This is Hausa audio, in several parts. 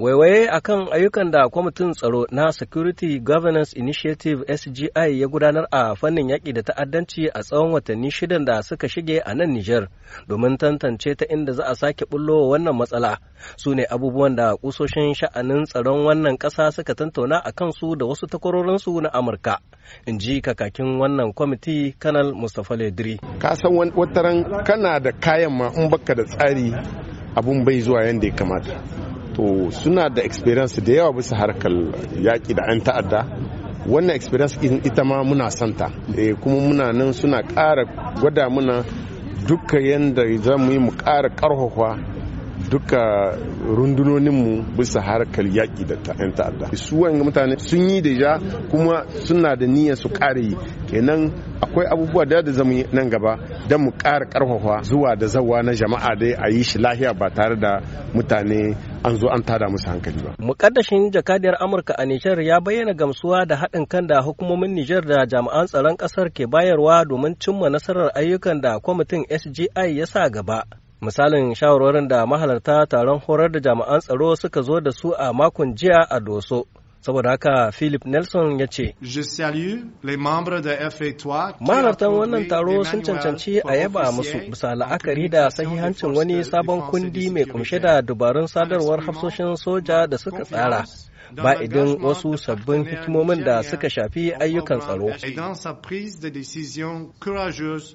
Waiwaye a kan ayyukan da kwamitin tsaro na Security Governance Initiative SGI ya gudanar a fannin yaƙi da ta'addanci a tsawon watanni shidan da suka shige a nan Nijar domin tantance ta inda za a sake bullo wannan matsala su ne abubuwan da kusoshin sha'anin tsaron wannan ƙasa suka tantauna a kansu da wasu takwarorinsu na Amurka. In ji kakakin wannan kwamiti Kanal Mustapha Ledri. Ka wataran kana da kayan ma in baka da tsari abun bai zuwa yadda ya kamata. to suna da experience da yawa bisa harkar yaƙi da 'yan ta'adda wannan experience ita ma muna santa eh, kuma muna nan suna ƙara gwada muna duka yadda za mu yi mu ƙara ƙarfafa duka rundunoninmu bisa harkar yaƙi da ta'yan ta'adda su wa'in mutane sun yi da ja kuma suna da niyyar su ƙare yi kenan akwai abubuwa da da zamu nan gaba don mu ƙara ƙarfafa zuwa da zawa na jama'a dai a yi shi lahiya ba tare da mutane an zo an tada musu hankali ba. Mukaddashin jakadiyar Amurka a Nijar ya bayyana gamsuwa da haɗin kan da hukumomin Nijar da jami'an tsaron ƙasar ke bayarwa domin cimma nasarar ayyukan da kwamitin SGI ya sa gaba misalin shawarwarin da mahalarta taron horar da jami'an tsaro suka zo da su a makon jiya a doso saboda haka philip nelson ya ce mahalartan wannan taro sun cancanci a yaba musu bisa la'akari da sahihancin wani sabon kundi mai kumshe da dubarun sadarwar hafsoshin soja da suka tsara ba idan wasu sabbin hikimomin da suka shafi ayyukan tsaro.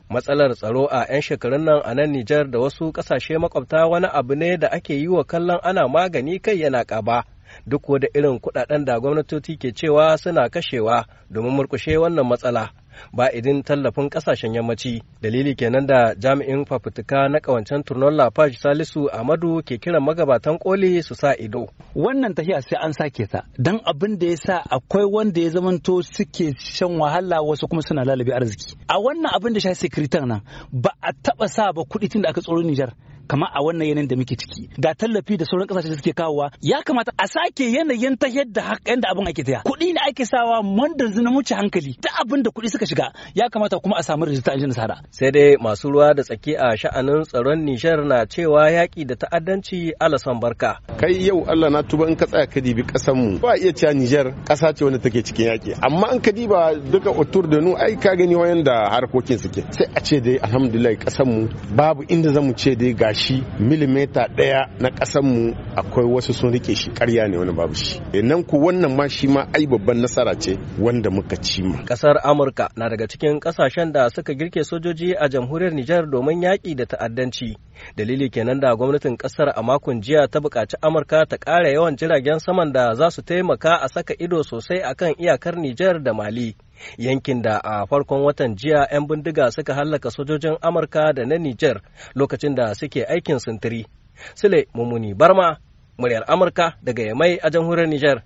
Matsalar tsaro a 'yan shekarun nan a nan Nijar da wasu kasashe makwabta wani abu ne da ake yi wa kallon ana magani kai yana ƙaba. duk da irin kudaden da gwamnatoci ke cewa suna kashewa domin murkushe wannan matsala ba idin tallafin kasashen yammaci dalili kenan da jami'in fafutuka na kawancen turnon lafash salisu amadu ke kiran magabatan koli su sa ido wannan tahiya sai an sake ta don abin da ya sa akwai wanda ya zamanto suke shan wahala wasu kuma suna lalabi arziki a wannan abin da shafi sekiritan nan ba a taba sa ba kuɗi tun da aka tsoro nijar kamar a wannan yanayin da muke ciki da tallafi da sauran kasashe da suke kawowa ya kamata a sake yanayin ta yadda hakan da abin ake taya kuɗi ne ake sawa da na wuce hankali ta abin da kuɗi suka shiga ya kamata kuma a samu rijista an nasara sai dai masu ruwa da tsaki a sha'anin tsaron Nijar na cewa yaƙi da ta'addanci alasan barka kai yau Allah na tuba in ka tsaya ka dibi ƙasar mu ba iya cewa Nijar ƙasa ce wanda take cikin yaƙi amma an ka diba duka otur da nu ai ka gani wayan da harkokin suke sai a ce dai alhamdulillah ƙasar mu babu inda zamu ce dai ga shi milimeta ɗaya na mu akwai wasu sun rike shi karya ne wani babu shi eh, nan ku wannan ma shi ma ai babban nasara ce wanda muka ci ma ƙasar amurka na daga cikin ƙasashen da suka girke sojoji a jamhuriyar nijar domin yaƙi da ta'addanci dalili kenan da gwamnatin ƙasar a makon jiya ta buƙaci amurka ta ƙara yawan jiragen saman da za su taimaka a saka ido sosai akan iyakar nijar da mali yankin da a farkon watan jiya 'yan bindiga suka hallaka sojojin amurka da na niger lokacin da suke aikin sintiri sule mummuni barma muryar amurka daga yamai a jamhuriyar niger